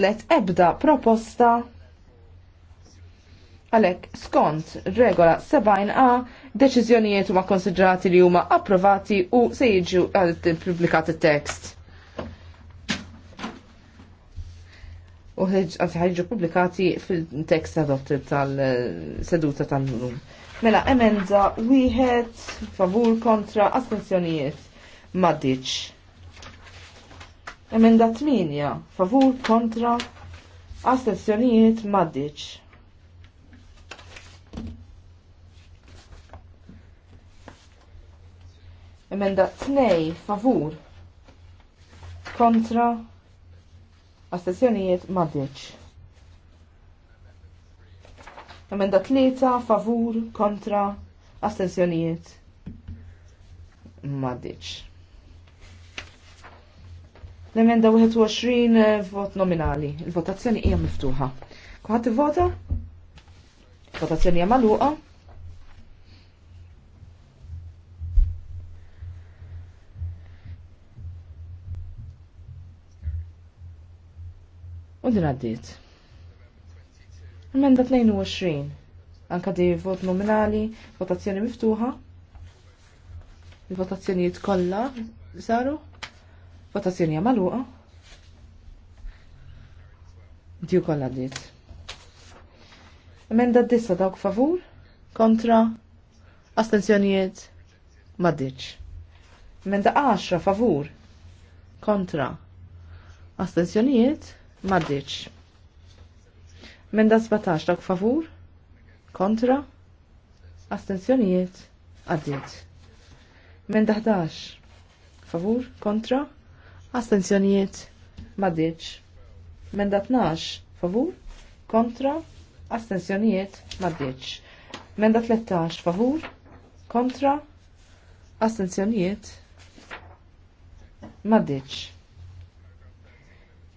waslet ebda proposta Għalek, skont regola 70a, deċiżjonijiet huma konsidrati li huma approvati u se jiġu għal pubblikat tekst U ħajġu pubblikati fil-tekst adopted tal-seduta eh, tal-lum. Mela, emenda wieħed favur kontra astenzjonijiet maddiċ. Emenda 8, favur kontra astensjonijiet maddiċ. Emenda 2, favur kontra astensjonijiet maddiċ. Emenda 3, favur kontra astensjonijiet maddiċ. L-emenda 21 eh, vot nominali. Il-votazzjoni hija miftuħa. Kuħat vota? Votazzjoni hija magħluqa. U din għaddiet. Emenda 22. Anka di vot nominali, votazzjoni miftuħa. Il-votazzjonijiet kollha saru? Votazzjoni uqa. Diju kolla dit. Emenda d-dissa dawk favur, kontra, astenzjonijiet, maddiċ. Emenda 10 favur, kontra, astenzjonijiet, maddiċ. Emenda 17 dawk favur, kontra, astenzjonijiet, għaddit. Emenda 11, favur, kontra, Astenzjonijiet maddiċ. Menda 12 favur kontra astenzjonijiet maddiċ. Menda 13 favur kontra astenzjonijiet maddiċ.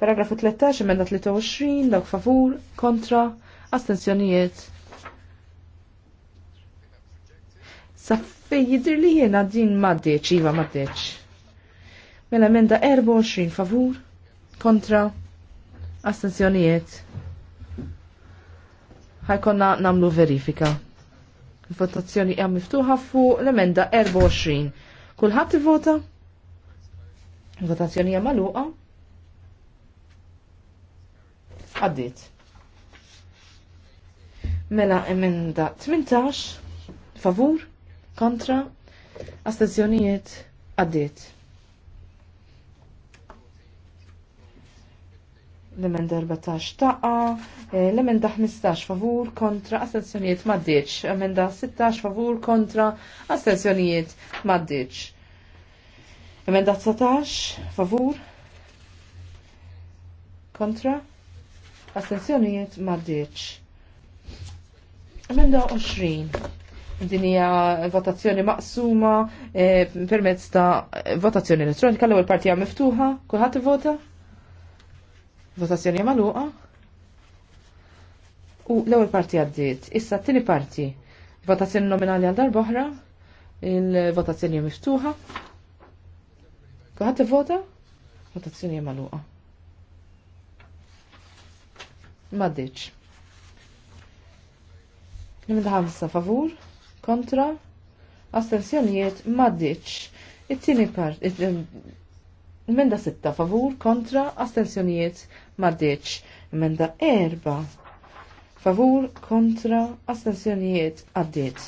Paragrafu 13 emenda 23 dawk favur kontra astenzjonijiet Saffi fej jidir li jena din maddeċ, iva maddeċ. Mela emenda 24 favur kontra astenzjonijiet. Ħajkonna namlu verifika. Il-votazzjoni hija miftuħa fuq l-emenda 24. Kulħadd ivvota? Il-votazzjoni hija magħluqa. Għaddiet. Mela emenda 18 favur kontra astenzjonijiet għaddiet. l-emenda 14 taqa, eh, l-emenda 15 favur kontra astensjonijiet maddiċ, emenda 16 favur kontra astensjonijiet maddiċ. Emenda 19 favur kontra astensjonijiet maddiċ. Emenda 20 dinija votazzjoni maqsuma eh, permezz ta' votazzjoni elettronika l-ewwel partija miftuħa, kulħadd ivota? Votazzjoni maluqa. U l-ewwel parti għaddiet. Issa t-tieni parti. Votazzjoni nominali għal darboħra, Il-votazzjoni miftuħa. Kuħat vota? Votazzjoni maluqa. Maddiċ. Nimin ħamsa favur, kontra, astensjonijiet, maddiċ. It-tieni part, Menda 6 favur kontra astensjonijiet maddeċ. Menda 4 favur kontra astensjonijiet għaddiet.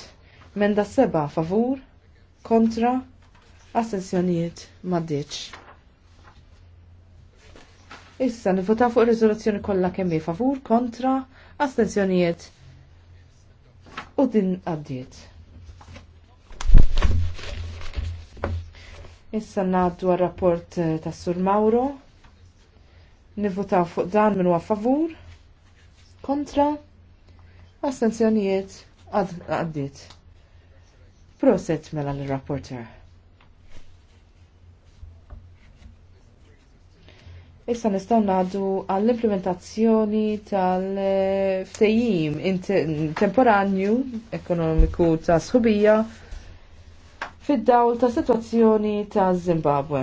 Menda 7 favur kontra astensjonijiet maddeċ. Issa nivota fuq ir-riżoluzzjoni kollha kemm favur kontra astensjonijiet u din għaddiet. Issa naddu għal-rapport eh, ta' Sur Mauro. Nivvotaw fuq dan minn huwa Kontra. Astenzjonijiet għaddit. Proset mela l-rapporter. Issa nistaw naddu għall-implementazzjoni tal ftejim temporanju ekonomiku ta' sħubija fid-dawl ta' situazzjoni ta' Zimbabwe.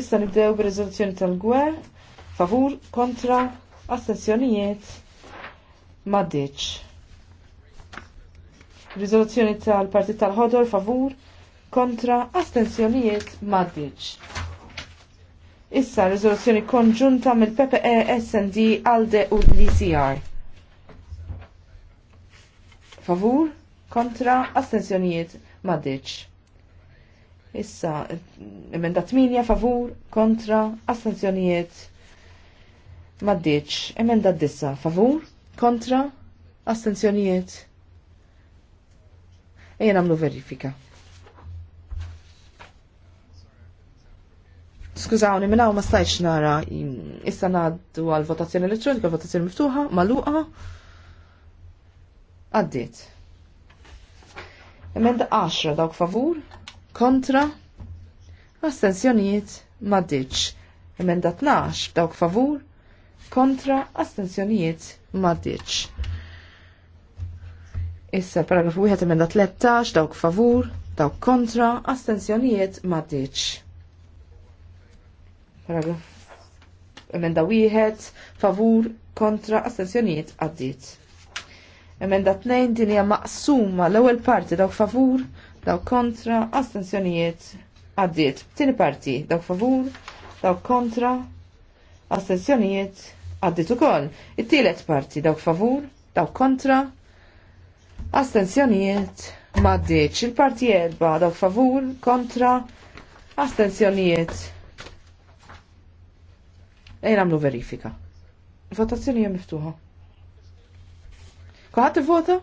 Issa nibdew b'riżoluzzjoni tal-gwer, favur, kontra, astenzjonijiet, maddiċ. Riżoluzzjoni tal-Partit tal-Ħodor, favur, kontra, astenzjonijiet, maddiċ. Issa riżoluzzjoni konġunta mill-PPE, SND, ALDE u l-ICR. E favur? kontra astensjonijiet maddiċ. Issa, emenda 8 favur kontra astensjonijiet maddiċ. Emenda 9 favur kontra astensjonijiet. Ejja namlu verifika. Skużawni, minnaw ma stajċ nara, issa naddu għal votazzjoni elettronika, votazzjoni miftuħa, maluqa, għaddit. Emenda 10 dawk favur, kontra, astensjonijiet maddiċ. Emenda 12 dawk favur, kontra, astensjonijiet maddiċ. Issa paragrafu 1 emenda 13 dawk favur, dawk kontra, astensjonijiet maddiċ. Paragraf emenda 1 favur, kontra, ma għaddiċ. Emenda 2 din hija maqsuma l-ewwel parti dawk favur, dawk kontra, astensjonijiet għaddiet. Tieni parti dawk favur, dawk kontra, astensjonijiet għaddiet ukoll. It-tielet parti dawk favur, dawk kontra, astensjonijiet għaddiet Il-parti erba' dawk favur, kontra, astensjonijiet. Ejn għamlu verifika. Votazzjoni jgħam miftuħa. Kuħat vota?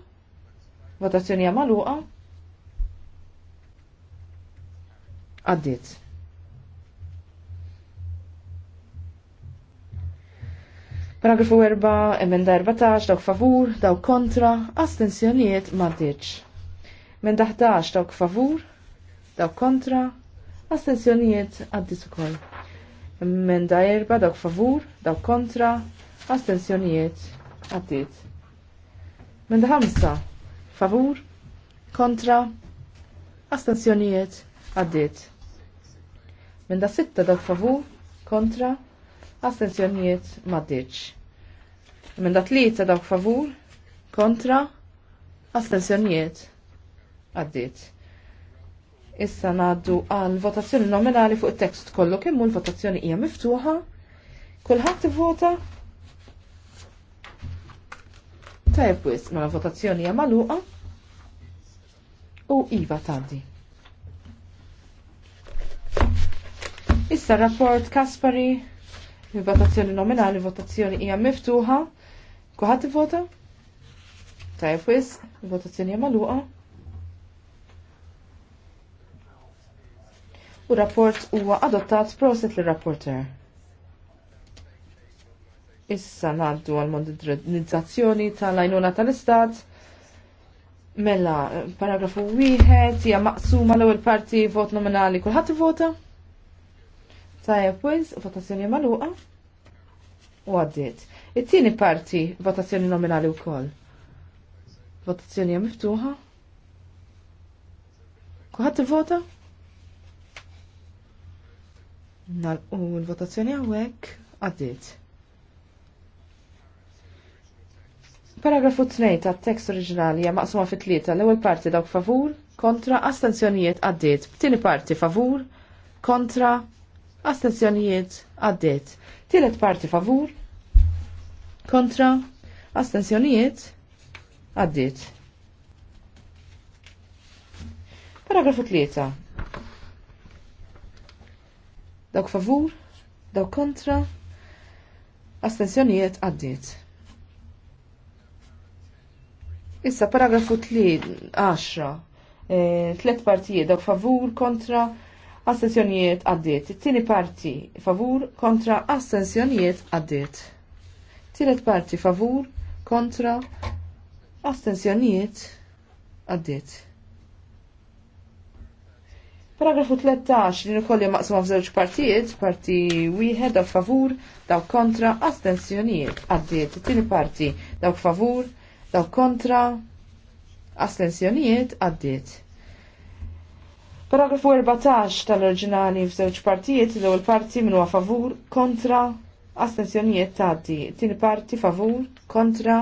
Votazzjoni għamaluqa? Għaddit. Paragrafu 4, emenda 14, dawk favur, dawk kontra, astensjonijiet maddiċ. Emenda 11, dawk favur, dawk kontra, astensjonijiet għaddit ukoll. Emenda 4, dawk favur, dawk kontra, astensjonijiet għaddit. Minn ħamsa favur kontra astensjonijiet għaddiet. Men da sitta dak favur kontra astensjonijiet maddiċ. Men da tlieta dak favur kontra astensjonijiet għaddiet. Issa naddu għal votazzjoni nominali fuq il-tekst kollu kemmu l-votazzjoni hija miftuħa. Kulħadd ivvota? vota Tajb wis, mela, votazzjoni hija magħluqa u iva tgħaddi. Issa rapport Kaspari, votazzjoni nominali, votazzjoni hija miftuħa. Kuħat vota? Tajb wis, votazzjoni hija magħluqa. U rapport huwa adottat proset lir rapporter Issa naddu għal modernizzazzjoni tal-għajnuna tal-istat. Mela, paragrafu wieħed hija maqsuma l-ewwel parti vot nominali kulħadd ivota. Tajjeb wis, votazzjoni magħluqa. U għaddiet. It-tieni parti votazzjoni nominali wkoll. Votazzjoni hija miftuħa. Kulħadd ivota? Nalqu l-votazzjoni hawnhekk għaddiet. Paragrafu 2 ta' tekst oriġinali hija maqsuma fit tlieta l-ewwel parti dawk favur, kontra astenzjonijiet għaddiet. Tieni parti favur, kontra astenzjonijiet għaddiet. Tielet parti favur, kontra astenzjonijiet għaddiet. Paragrafu 3. Dawk favur, dawk kontra, astenzjonijiet għaddiet. Issa paragrafu 10, e, tlet partijiet dawk favur kontra astensjonijiet għaddiet. Tini parti favur kontra astensjonijiet għaddiet. Tielet parti favur kontra astensjonijiet għaddiet. Paragrafu 13 li nukolli maqsum f'żewġ partijiet, parti wieħed dawk favur, dawk kontra, astensjonijiet għaddiet. Tini parti dawk favur, Daw kontra astensjonijiet għaddiet. Paragrafu 14 tal-oriġinali f'żewġ partijiet l ewwel parti minn huwa favur kontra astensjonijiet għaddi. tieni parti favur kontra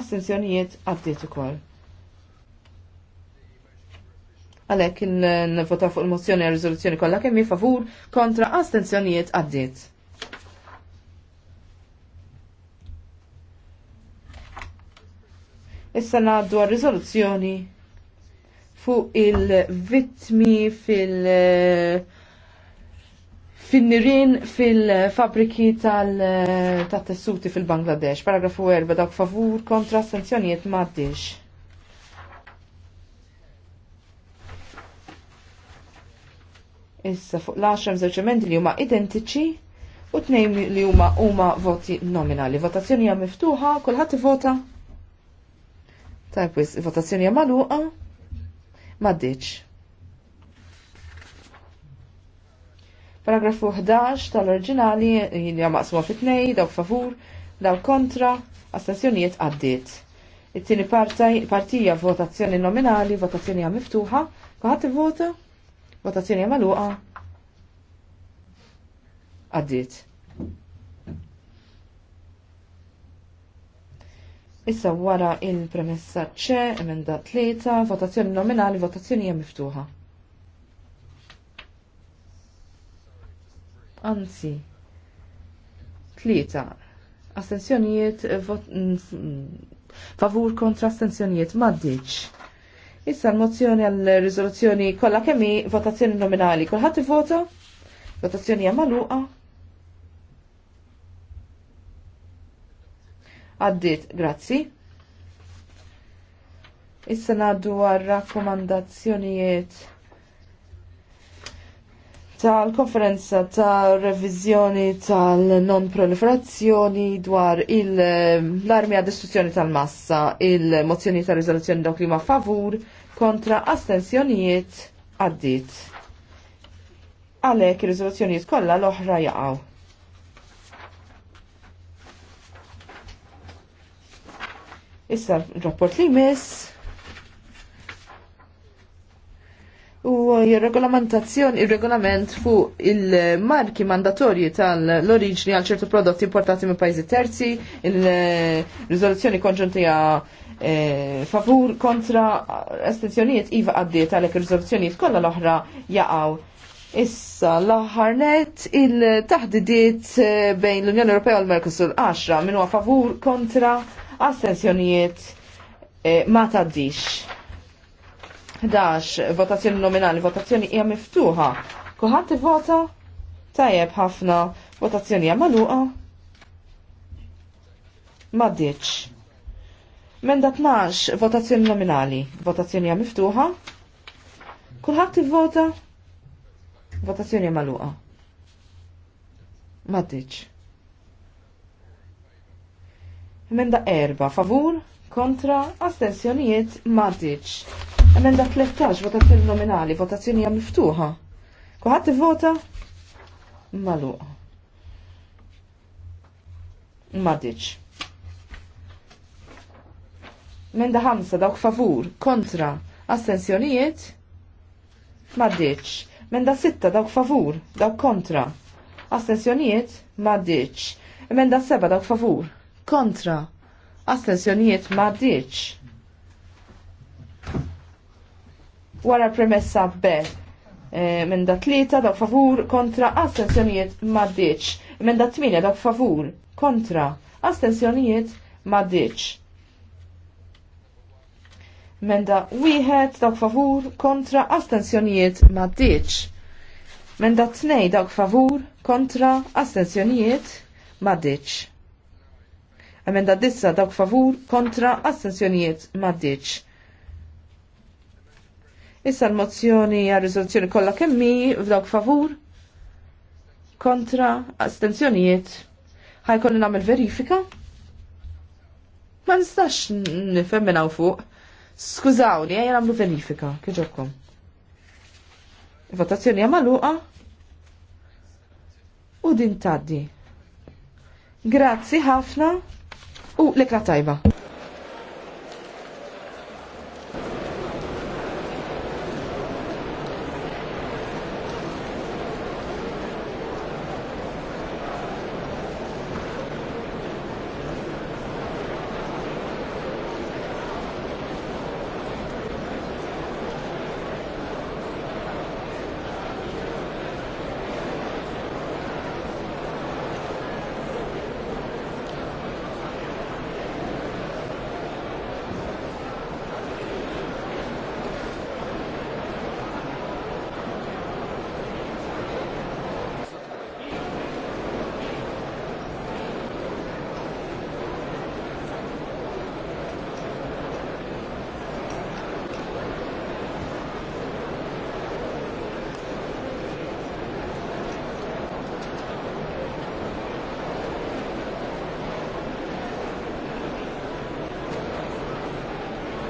astensjonijiet għaddiet ukoll. Għalhekk il nvota fuq il-mozzjoni għal riżoluzzjoni kollha kemm favur kontra astensjonijiet għaddiet. Issa naddu għal riżoluzzjoni fuq il-vittmi fil- eh, fin-nirin fil-fabriki tal-tessuti eh, fil-Bangladesh. Paragrafu 4 dak favur kontra sanzjonijiet maddix. Issa fuq l-10 żewġ li huma identiċi u tnejn li huma huma voti nominali. Votazzjoni hija miftuħa, kulħadd ivota. Tajb, votazzjoni għamaluqa, maddiċ. Paragrafu 11 tal-orġinali hija maqsuma fit nej dawk favur, dawk kontra, astensjonijiet għaddiet. It-tieni partija votazzjoni nominali, votazzjoni hija miftuħa, il-vota, votazzjoni hija magħluqa. Għaddiet. Issa wara il-premessa ċe, emenda tlieta, votazzjoni nominali, votazzjoni hija miftuħa. Anzi, tlieta. Astenzjonijiet, favur kontra astenzjonijiet, maddiċ. Issa l-mozzjoni għal-rizoluzzjoni kollha kemmi votazzjoni nominali. Kulħadd ivota? Votazzjoni hija magħluqa? Għaddit, grazzi. Issa naddu għal rakkomandazzjonijiet tal-konferenza tal revizjoni tal-non-proliferazzjoni dwar ehm, l-armi għad distruzzjoni tal-massa, il-mozzjoni tal riżoluzzjoni dawk li ma' favur kontra astensjonijiet għaddit għalek il-rizoluzzjonijiet kollha l-oħra jaqgħu. Issa rapport li mis u jirregolamentazzjoni, il-regolament fuq il-marki mandatorji tal-oriġni għal ċertu prodotti importati minn pajzi terzi, il-rizoluzzjoni konġuntija e, favur kontra estensjonijiet iva għaddiet għalek il-rizoluzzjonijiet kollha l-oħra jaqgħu. Issa l ħarnet il-taħdidiet e, bejn l-Unjoni Ewropea u l merkusur 10 minn huwa favur kontra Assenzjonijiet eh, ma taddix. 11 votazzjoni nominali, votazzjoni hija miftuħa. Kulħadd vota tajjeb ħafna votazzjoni hija magħluqa. Ma ddiċ. Menda 12 votazzjoni nominali, votazzjoni hija miftuħa. Kulħadd ivvota votazzjoni hija magħluqa. Ma ddiċ. Emenda erba' favur kontra astensjonijiet maddiċ. Emenda 13 votazzjoni nominali, votazzjoni hija miftuħa. Kuħadd vota Maluq. Maddiċ. Emenda ħamsa dawk favur kontra astensjonijiet maddiċ. Emenda sitta dawk favur, dawk kontra. Astensjonijiet maddiċ. Emenda seba dawk favur, kontra astensjonijiet diċ Wara premessa B e, eh, minn da tlieta dak favur kontra astensjonijiet diċ Minn da tmina da favur kontra astensjonijiet minn Menda wieħed da favur kontra astensjonijiet maddiċ. Menda tnej dak favur kontra astensjonijiet maddiċ. Emenda dissa dawk favur kontra astensjonijiet maddiċ. Issa l-mozzjoni għal rizoluzzjoni kollha kemmi f'dawk favur kontra astensjonijiet. Ħajkolli nagħmel verifika? Ma nistax nifhem minn fuq. Skużawni, għajja nagħmlu verifika, kieġobkom. Votazzjoni għamaluqa u din taddi. Grazzi ħafna u l-ikra tajba.